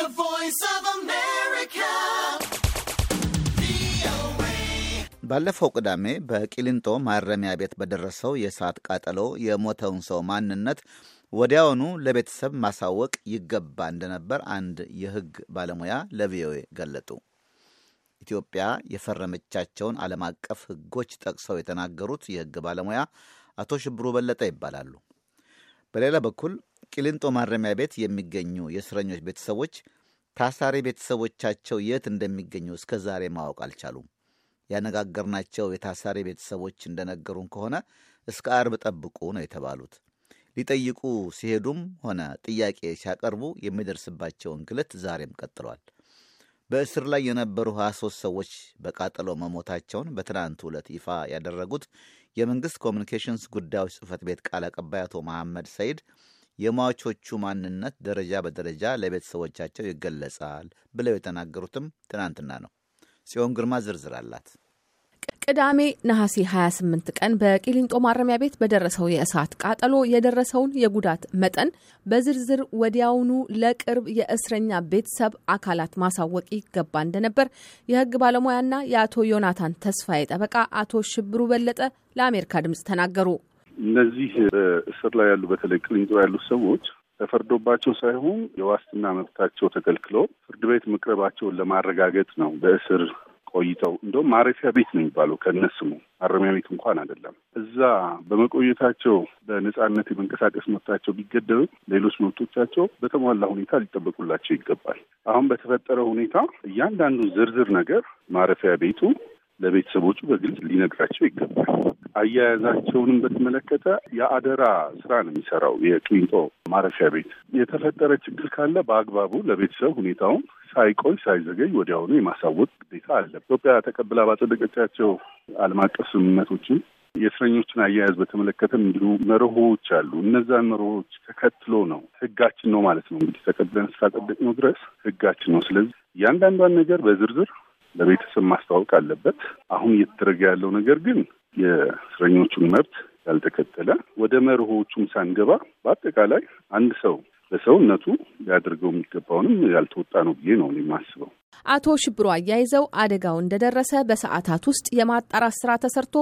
The Voice of America. ባለፈው ቅዳሜ በቂሊንጦ ማረሚያ ቤት በደረሰው የእሳት ቃጠሎ የሞተውን ሰው ማንነት ወዲያውኑ ለቤተሰብ ማሳወቅ ይገባ እንደነበር አንድ የሕግ ባለሙያ ለቪኦኤ ገለጡ። ኢትዮጵያ የፈረመቻቸውን ዓለም አቀፍ ሕጎች ጠቅሰው የተናገሩት የሕግ ባለሙያ አቶ ሽብሩ በለጠ ይባላሉ። በሌላ በኩል ቂሊንጦ ማረሚያ ቤት የሚገኙ የእስረኞች ቤተሰቦች ታሳሪ ቤተሰቦቻቸው የት እንደሚገኙ እስከ ዛሬ ማወቅ አልቻሉም። ያነጋገርናቸው የታሳሪ ቤተሰቦች እንደነገሩን ከሆነ እስከ አርብ ጠብቁ ነው የተባሉት። ሊጠይቁ ሲሄዱም ሆነ ጥያቄ ሲያቀርቡ የሚደርስባቸው እንግልት ዛሬም ቀጥሏል። በእስር ላይ የነበሩ 23 ሰዎች በቃጠሎ መሞታቸውን በትናንት ዕለት ይፋ ያደረጉት የመንግሥት ኮሚኒኬሽንስ ጉዳዮች ጽህፈት ቤት ቃል አቀባይ አቶ መሐመድ ሰይድ የሟቾቹ ማንነት ደረጃ በደረጃ ለቤተሰቦቻቸው ይገለጻል ብለው የተናገሩትም ትናንትና ነው። ጽዮን ግርማ ዝርዝር አላት። ቅዳሜ ነሐሴ 28 ቀን በቂሊንጦ ማረሚያ ቤት በደረሰው የእሳት ቃጠሎ የደረሰውን የጉዳት መጠን በዝርዝር ወዲያውኑ ለቅርብ የእስረኛ ቤተሰብ አካላት ማሳወቅ ይገባ እንደነበር የሕግ ባለሙያና የአቶ ዮናታን ተስፋዬ ጠበቃ አቶ ሽብሩ በለጠ ለአሜሪካ ድምፅ ተናገሩ። እነዚህ በእስር ላይ ያሉ በተለይ ቅሊንጦ ያሉት ሰዎች ተፈርዶባቸው ሳይሆን የዋስትና መብታቸው ተከልክሎ ፍርድ ቤት መቅረባቸውን ለማረጋገጥ ነው በእስር ቆይተው እንደውም ማረፊያ ቤት ነው የሚባለው ከነስሙ ማረሚያ ቤት እንኳን አይደለም። እዛ በመቆየታቸው በነጻነት የመንቀሳቀስ መብታቸው ቢገደብም ሌሎች መብቶቻቸው በተሟላ ሁኔታ ሊጠበቁላቸው ይገባል። አሁን በተፈጠረው ሁኔታ እያንዳንዱ ዝርዝር ነገር ማረፊያ ቤቱ ለቤተሰቦቹ በግልጽ ሊነግራቸው ይገባል። አያያዛቸውንም በተመለከተ የአደራ ስራ ነው የሚሰራው የቂሊንጦ ማረፊያ ቤት። የተፈጠረ ችግር ካለ በአግባቡ ለቤተሰብ ሁኔታውን ሳይቆይ ሳይዘገይ ወዲያውኑ የማሳወቅ ግዴታ አለ። ኢትዮጵያ ተቀብላ ባጸደቀቻቸው ዓለም አቀፍ ስምምነቶችን የእስረኞችን አያያዝ በተመለከተም እንዲሁ መርሆዎች አሉ። እነዛን መርሆዎች ተከትሎ ነው ህጋችን ነው ማለት ነው እንግዲህ ተቀብለን እስካጸደቅ ነው ድረስ ህጋችን ነው። ስለዚህ እያንዳንዷን ነገር በዝርዝር ለቤተሰብ ማስተዋወቅ አለበት። አሁን እየተደረገ ያለው ነገር ግን የእስረኞቹን መብት ያልተከተለ ወደ መርሆቹም ሳንገባ በአጠቃላይ አንድ ሰው ለሰውነቱ ሊያደርገው የሚገባውንም ያልተወጣ ነው ብዬ ነው የማስበው። አቶ ሽብሮ አያይዘው አደጋው እንደደረሰ በሰዓታት ውስጥ የማጣራት ስራ ተሰርቶ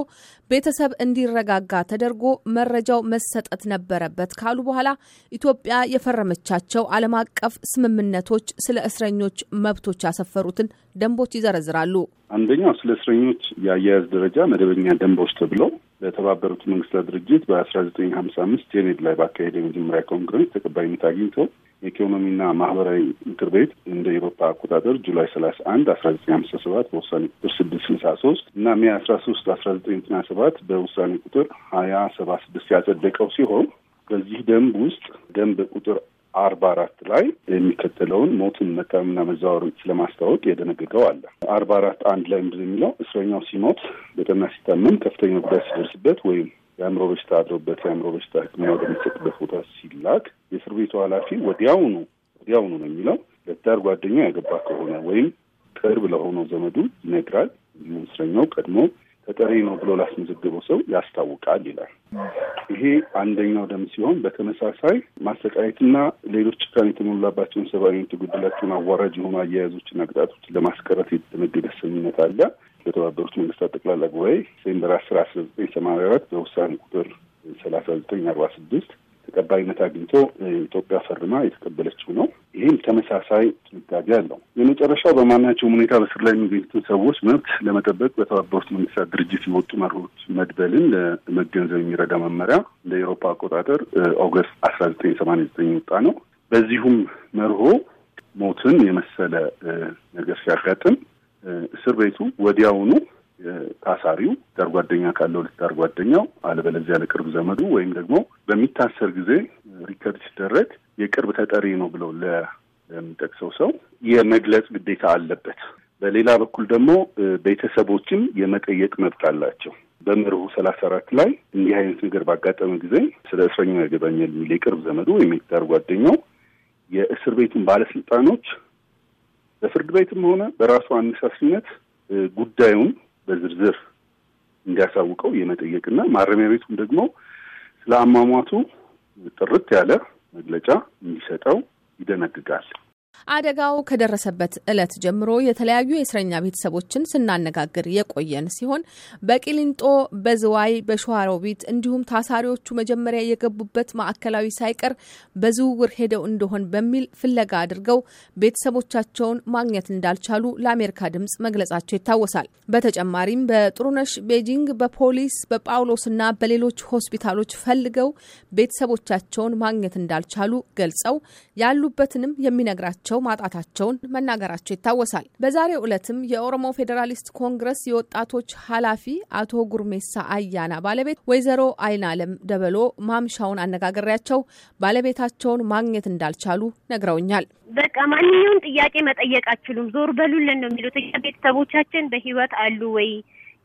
ቤተሰብ እንዲረጋጋ ተደርጎ መረጃው መሰጠት ነበረበት ካሉ በኋላ ኢትዮጵያ የፈረመቻቸው ዓለም አቀፍ ስምምነቶች ስለ እስረኞች መብቶች ያሰፈሩትን ደንቦች ይዘረዝራሉ። አንደኛው ስለ እስረኞች የአያያዝ ደረጃ መደበኛ ደንቦች ተብለው በተባበሩት መንግስታት ድርጅት በአስራ ዘጠኝ ሀምሳ አምስት ጄኔቭ ላይ ባካሄደ የመጀመሪያ ኮንግረስ ተቀባይነት አግኝቶ የኢኮኖሚና ማህበራዊ ምክር ቤት እንደ ኤሮፓ አቆጣጠር ጁላይ ሰላሳ አንድ አስራ ዘጠኝ ሀምሳ ሰባት በውሳኔ ቁጥር ስድስት ስልሳ ሶስት እና ሜ አስራ ሶስት አስራ ዘጠኝ ዘጠና ሰባት በውሳኔ ቁጥር ሀያ ሰባ ስድስት ያጸደቀው ሲሆን በዚህ ደንብ ውስጥ ደንብ ቁጥር አርባ አራት ላይ የሚከተለውን ሞትን መታምና መዛወርን ስለማስታወቅ የደነገገው አለ። አርባ አራት አንድ ላይ እንደሚለው እስረኛው ሲሞት በጠና ሲታመም፣ ከፍተኛ ጉዳት ሲደርስበት ወይም የአእምሮ በሽታ አድሮበት የአእምሮ በሽታ ሕክምና ወደሚሰጥበት ቦታ ሲላክ የእስር ቤቱ ኃላፊ ወዲያውኑ ወዲያውኑ ነው የሚለው ለትዳር ጓደኛው ያገባ ከሆነ ወይም ቅርብ ለሆነው ዘመዱ ይነግራል። እንዲሁም እስረኛው ቀድሞ ተጠሪ ነው ብሎ ላስመዘገበው ሰው ያስታውቃል ይላል። ይሄ አንደኛው ደም ሲሆን በተመሳሳይ ማሰቃየትና ሌሎች ጭካን የተሞላባቸውን ሰብአዊነት የጎደላቸውን አዋራጅ የሆኑ አያያዞችና ቅጣቶች ለማስቀረት የተደነገገ ስምምነት አለ። በተባበሩት መንግስታት ጠቅላላ ጉባኤ ሴምበር አስራ አስራ ዘጠኝ ሰማንያ አራት በውሳኔ ቁጥር ሰላሳ ዘጠኝ አርባ ስድስት ተቀባይነት አግኝቶ ኢትዮጵያ ፈርማ የተቀበለችው ነው። ይህም ተመሳሳይ ጥንቃቄ አለው። የመጨረሻው በማናቸውም ሁኔታ በስር ላይ የሚገኙትን ሰዎች መብት ለመጠበቅ በተባበሩት መንግስታት ድርጅት የወጡ መርሆች መድበልን ለመገንዘብ የሚረዳ መመሪያ እንደ ኤሮፓ አቆጣጠር ኦገስት አስራ ዘጠኝ ሰማንያ ዘጠኝ ወጣ ነው። በዚሁም መርሆ ሞትን የመሰለ ነገር ሲያጋጥም እስር ቤቱ ወዲያውኑ ታሳሪው ዳር ጓደኛ ካለው ልዳር ጓደኛው አለበለዚያ ለቅርብ ዘመዱ ወይም ደግሞ በሚታሰር ጊዜ ሪከርድ ሲደረግ የቅርብ ተጠሪ ነው ብለው ለሚጠቅሰው ሰው የመግለጽ ግዴታ አለበት። በሌላ በኩል ደግሞ ቤተሰቦችን የመጠየቅ መብት አላቸው። በምርሁ ሰላሳ አራት ላይ እንዲህ አይነት ነገር ባጋጠመ ጊዜ ስለ እስረኛው ያገባኛል የሚል የቅርብ ዘመዱ ወይም የትዳር ጓደኛው የእስር ቤቱን ባለስልጣኖች በፍርድ ቤትም ሆነ በራሱ አነሳስነት ጉዳዩን በዝርዝር እንዲያሳውቀው የመጠየቅና ማረሚያ ቤቱም ደግሞ ስለ አሟሟቱ ጥርት ያለ መግለጫ እንዲሰጠው ይደነግጋል። አደጋው ከደረሰበት ዕለት ጀምሮ የተለያዩ የእስረኛ ቤተሰቦችን ስናነጋግር የቆየን ሲሆን በቂሊንጦ፣ በዝዋይ፣ በሸዋሮቢት እንዲሁም ታሳሪዎቹ መጀመሪያ የገቡበት ማዕከላዊ ሳይቀር በዝውውር ሄደው እንደሆን በሚል ፍለጋ አድርገው ቤተሰቦቻቸውን ማግኘት እንዳልቻሉ ለአሜሪካ ድምጽ መግለጻቸው ይታወሳል። በተጨማሪም በጥሩነሽ ቤጂንግ፣ በፖሊስ በጳውሎስና በሌሎች ሆስፒታሎች ፈልገው ቤተሰቦቻቸውን ማግኘት እንዳልቻሉ ገልጸው ያሉበትንም የሚነግራቸው ስራቸው ማጣታቸውን መናገራቸው ይታወሳል። በዛሬው ዕለትም የኦሮሞ ፌዴራሊስት ኮንግረስ የወጣቶች ኃላፊ አቶ ጉርሜሳ አያና ባለቤት ወይዘሮ አይን አለም ደበሎ ማምሻውን አነጋገሪያቸው ባለቤታቸውን ማግኘት እንዳልቻሉ ነግረውኛል። በቃ ማንኛውም ጥያቄ መጠየቅ አችሉም፣ ዞር በሉልን ነው የሚሉት። ቤተሰቦቻችን በህይወት አሉ ወይ?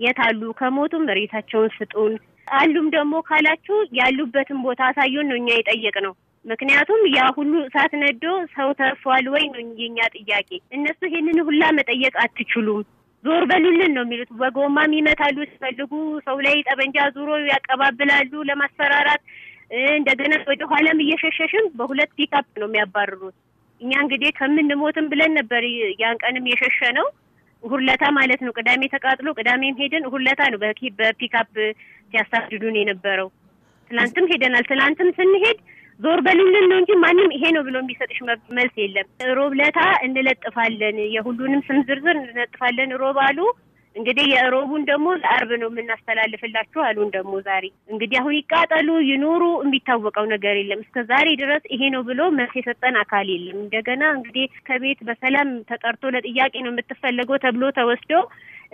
የት አሉ? ከሞቱም መሬታቸውን ስጡን አሉም ደግሞ ካላችሁ ያሉበትን ቦታ አሳዩን ነው እኛ የጠየቅ ነው። ምክንያቱም ያ ሁሉ እሳት ነዶ ሰው ተርፏል ወይ ነው የኛ ጥያቄ። እነሱ ይህንን ሁላ መጠየቅ አትችሉም፣ ዞር በሉልን ነው የሚሉት። በጎማም ይመታሉ ሲፈልጉ፣ ሰው ላይ ጠበንጃ ዙሮ ያቀባብላሉ ለማስፈራራት። እንደገና ወደ ኋላም እየሸሸሽም በሁለት ፒካፕ ነው የሚያባርሩት። እኛ እንግዲህ ከምንሞትም ብለን ነበር ያን ቀንም የሸሸ ነው ሁለታ ማለት ነው። ቅዳሜ ተቃጥሎ ቅዳሜም ሄደን ሁለታ ነው በፒካፕ ሲያሳድዱን የነበረው። ትላንትም ሄደናል። ትላንትም ስንሄድ ዞር በሉልን ነው እንጂ ማንም ይሄ ነው ብሎ የሚሰጥሽ መልስ የለም። ሮብለታ እንለጥፋለን፣ የሁሉንም ስም ዝርዝር እንለጥፋለን ሮብ አሉ። እንግዲህ የሮቡን ደግሞ ለአርብ ነው የምናስተላልፍላችሁ አሉን። ደግሞ ዛሬ እንግዲህ አሁን ይቃጠሉ ይኖሩ የሚታወቀው ነገር የለም። እስከ ዛሬ ድረስ ይሄ ነው ብሎ መልስ የሰጠን አካል የለም። እንደገና እንግዲህ ከቤት በሰላም ተጠርቶ ለጥያቄ ነው የምትፈለገው ተብሎ ተወስዶ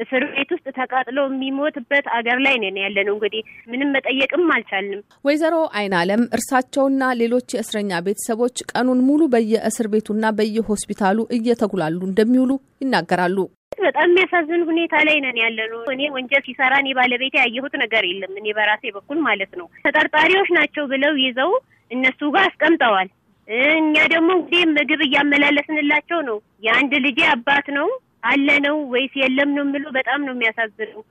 እስር ቤት ውስጥ ተቃጥሎ የሚሞትበት አገር ላይ ነን ያለ ነው። እንግዲህ ምንም መጠየቅም አልቻልንም። ወይዘሮ አይን አለም እርሳቸውና ሌሎች የእስረኛ ቤተሰቦች ቀኑን ሙሉ በየእስር ቤቱና በየሆስፒታሉ እየተጉላሉ እንደሚውሉ ይናገራሉ። በጣም የሚያሳዝን ሁኔታ ላይ ነን ያለ ነው። እኔ ወንጀል ሲሰራ እኔ ባለቤቴ ያየሁት ነገር የለም። እኔ በራሴ በኩል ማለት ነው። ተጠርጣሪዎች ናቸው ብለው ይዘው እነሱ ጋር አስቀምጠዋል። እኛ ደግሞ እንግዲህ ምግብ እያመላለስንላቸው ነው። የአንድ ልጄ አባት ነው። አለ ነው ወይስ የለም ነው የምለው። በጣም ነው የሚያሳዝነው።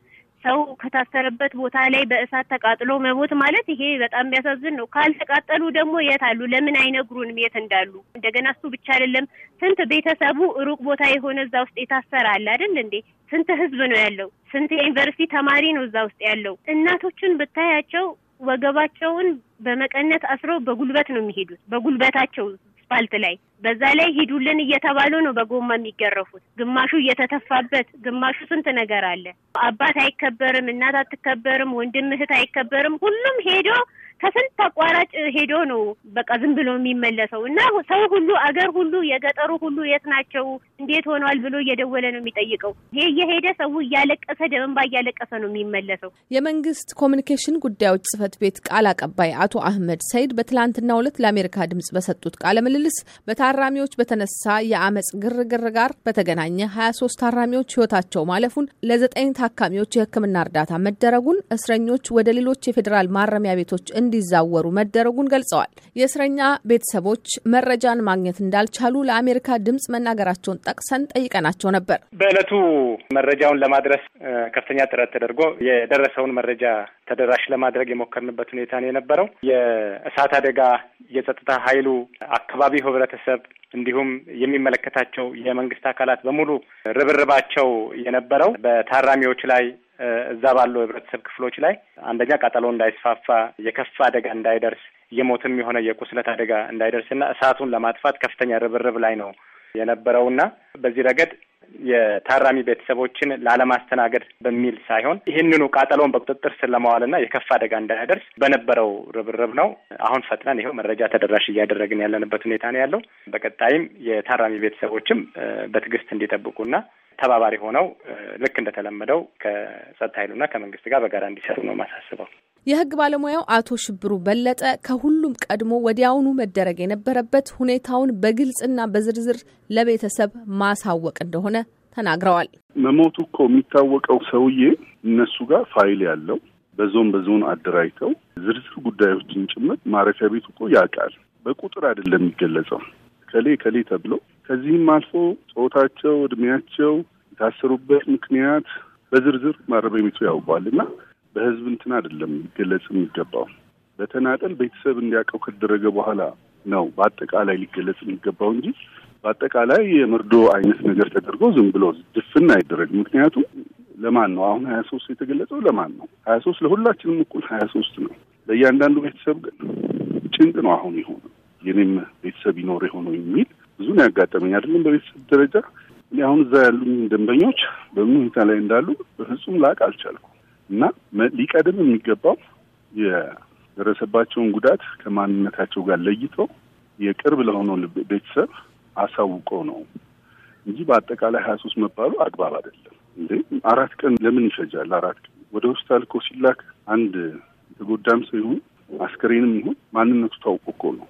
ሰው ከታሰረበት ቦታ ላይ በእሳት ተቃጥሎ መሞት ማለት ይሄ በጣም የሚያሳዝን ነው። ካልተቃጠሉ ደግሞ የት አሉ? ለምን አይነግሩንም የት እንዳሉ? እንደገና እሱ ብቻ አይደለም፣ ስንት ቤተሰቡ ሩቅ ቦታ የሆነ እዛ ውስጥ የታሰረ አለ አይደል እንዴ? ስንት ህዝብ ነው ያለው? ስንት የዩኒቨርሲቲ ተማሪ ነው እዛ ውስጥ ያለው? እናቶችን ብታያቸው ወገባቸውን በመቀነት አስረው በጉልበት ነው የሚሄዱት፣ በጉልበታቸው አስፋልት ላይ በዛ ላይ ሂዱልን እየተባሉ ነው በጎማ የሚገረፉት። ግማሹ እየተተፋበት፣ ግማሹ ስንት ነገር አለ። አባት አይከበርም፣ እናት አትከበርም፣ ወንድም እህት አይከበርም። ሁሉም ሄዶ ከስንት አቋራጭ ሄዶ ነው በቃ ዝም ብሎ የሚመለሰው እና ሰው ሁሉ አገር ሁሉ የገጠሩ ሁሉ የት ናቸው እንዴት ሆኗል ብሎ እየደወለ ነው የሚጠይቀው። ይሄ እየሄደ ሰው እያለቀሰ ደመንባ እያለቀሰ ነው የሚመለሰው። የመንግስት ኮሚኒኬሽን ጉዳዮች ጽህፈት ቤት ቃል አቀባይ አቶ አህመድ ሰይድ በትላንትናው ዕለት ለአሜሪካ ድምጽ በሰጡት ቃለ ምልልስ በታራሚዎች በተነሳ የአመፅ ግርግር ጋር በተገናኘ 23 ታራሚዎች ህይወታቸው ማለፉን ለዘጠኝ ታካሚዎች የህክምና እርዳታ መደረጉን እስረኞች ወደ ሌሎች የፌዴራል ማረሚያ ቤቶች እንዲዛወሩ መደረጉን ገልጸዋል። የእስረኛ ቤተሰቦች መረጃን ማግኘት እንዳልቻሉ ለአሜሪካ ድምጽ መናገራቸውን ጠቅሰን ጠይቀናቸው ነበር። በእለቱ መረጃውን ለማድረስ ከፍተኛ ጥረት ተደርጎ የደረሰውን መረጃ ተደራሽ ለማድረግ የሞከርንበት ሁኔታ ነው የነበረው። የእሳት አደጋ የጸጥታ ኃይሉ አካባቢው ህብረተሰብ እንዲሁም የሚመለከታቸው የመንግስት አካላት በሙሉ ርብርባቸው የነበረው በታራሚዎች ላይ እዛ ባለው ህብረተሰብ ክፍሎች ላይ አንደኛ ቃጠሎ እንዳይስፋፋ የከፍ አደጋ እንዳይደርስ የሞትም የሆነ የቁስለት አደጋ እንዳይደርስና እሳቱን ለማጥፋት ከፍተኛ ርብርብ ላይ ነው የነበረውና በዚህ ረገድ የታራሚ ቤተሰቦችን ላለማስተናገድ በሚል ሳይሆን ይህንኑ ቃጠሎውን በቁጥጥር ስር ለማዋልና የከፍ አደጋ እንዳያደርስ በነበረው ርብርብ ነው። አሁን ፈጥነን ይኸው መረጃ ተደራሽ እያደረግን ያለንበት ሁኔታ ነው ያለው። በቀጣይም የታራሚ ቤተሰቦችም በትዕግስት እንዲጠብቁና ተባባሪ ሆነው ልክ እንደተለመደው ከጸጥታ ኃይሉና ከመንግስት ጋር በጋራ እንዲሰሩ ነው ማሳስበው። የህግ ባለሙያው አቶ ሽብሩ በለጠ ከሁሉም ቀድሞ ወዲያውኑ መደረግ የነበረበት ሁኔታውን በግልጽና በዝርዝር ለቤተሰብ ማሳወቅ እንደሆነ ተናግረዋል። መሞቱ እኮ የሚታወቀው ሰውዬ እነሱ ጋር ፋይል ያለው በዞን በዞን አደራጅተው ዝርዝር ጉዳዮችን ጭምር ማረፊያ ቤቱ እኮ ያውቃል። በቁጥር አይደለም የሚገለጸው ከሌ ከሌ ተብሎ ከዚህም አልፎ ጾታቸው፣ እድሜያቸው፣ የታሰሩበት ምክንያት በዝርዝር ማረሚያ ቤቱ ያውቋል እና በህዝብ እንትን አይደለም ሊገለጽ የሚገባው በተናጠል ቤተሰብ እንዲያውቀው ከተደረገ በኋላ ነው በአጠቃላይ ሊገለጽ የሚገባው እንጂ በአጠቃላይ የመርዶ አይነት ነገር ተደርጎ ዝም ብሎ ድፍን አይደረግም። ምክንያቱም ለማን ነው አሁን ሀያ ሶስት የተገለጸው ለማን ነው? ሀያ ሶስት ለሁላችንም እኩል ሀያ ሶስት ነው። ለእያንዳንዱ ቤተሰብ ግን ጭንቅ ነው። አሁን የሆነ የኔም ቤተሰብ ይኖር የሆነው የሚል ብዙ ነው ያጋጠመኝ አይደለም በቤተሰብ ደረጃ እኔ አሁን እዛ ያሉኝ ደንበኞች በምን ሁኔታ ላይ እንዳሉ በፍጹም ላቅ አልቻልኩ እና ሊቀድም የሚገባው የደረሰባቸውን ጉዳት ከማንነታቸው ጋር ለይተው የቅርብ ለሆነው ቤተሰብ አሳውቀው ነው እንጂ በአጠቃላይ ሀያ ሶስት መባሉ አግባብ አይደለም። እንዴ አራት ቀን ለምን ይፈጃል? አራት ቀን ወደ ሆስፒታል እኮ ሲላክ አንድ የተጎዳም ሰው ይሁን አስከሬንም ይሁን ማንነቱ ታውቆ እኮ ነው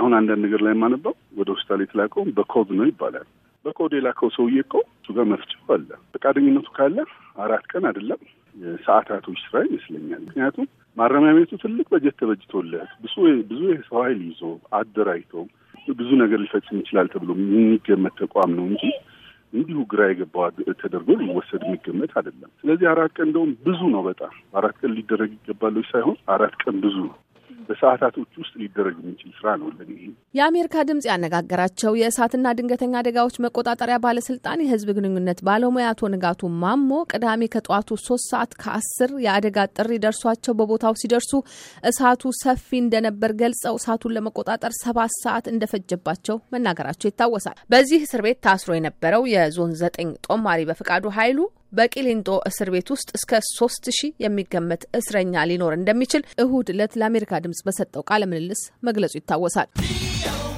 አሁን አንዳንድ ነገር ላይ የማነባው ወደ ሆስፒታል የተላከው በኮድ ነው ይባላል። በኮድ የላከው ሰውዬ እኮ እሱ ጋር መፍትሄው አለ። ፈቃደኝነቱ ካለ አራት ቀን አይደለም ሰዓታቶች ስራ ይመስለኛል። ምክንያቱም ማረሚያ ቤቱ ትልቅ በጀት ተበጅቶለት ብዙ ብዙ የሰው ኃይል ይዞ አደራጅቶ ብዙ ነገር ሊፈጽም ይችላል ተብሎ የሚገመት ተቋም ነው እንጂ እንዲሁ ግራ የገባው ተደርጎ ሊወሰድ የሚገመት አይደለም። ስለዚህ አራት ቀን እንደውም ብዙ ነው። በጣም አራት ቀን ሊደረግ ይገባለች ሳይሆን አራት ቀን ብዙ ነው። በሰዓታቶች ውስጥ ሊደረግ የሚችል ስራ ነው። የአሜሪካ ድምጽ ያነጋገራቸው የእሳትና ድንገተኛ አደጋዎች መቆጣጠሪያ ባለስልጣን የህዝብ ግንኙነት ባለሙያ አቶ ንጋቱ ማሞ ቅዳሜ ከጠዋቱ ሶስት ሰዓት ከአስር የአደጋ ጥሪ ደርሷቸው በቦታው ሲደርሱ እሳቱ ሰፊ እንደነበር ገልጸው እሳቱን ለመቆጣጠር ሰባት ሰዓት እንደፈጀባቸው መናገራቸው ይታወሳል። በዚህ እስር ቤት ታስሮ የነበረው የዞን ዘጠኝ ጦማሪ በፍቃዱ ኃይሉ በቂሊንጦ እስር ቤት ውስጥ እስከ ሶስት ሺህ የሚገመት እስረኛ ሊኖር እንደሚችል እሁድ ዕለት ለአሜሪካ ድምጽ በሰጠው ቃለ ምልልስ መግለጹ ይታወሳል።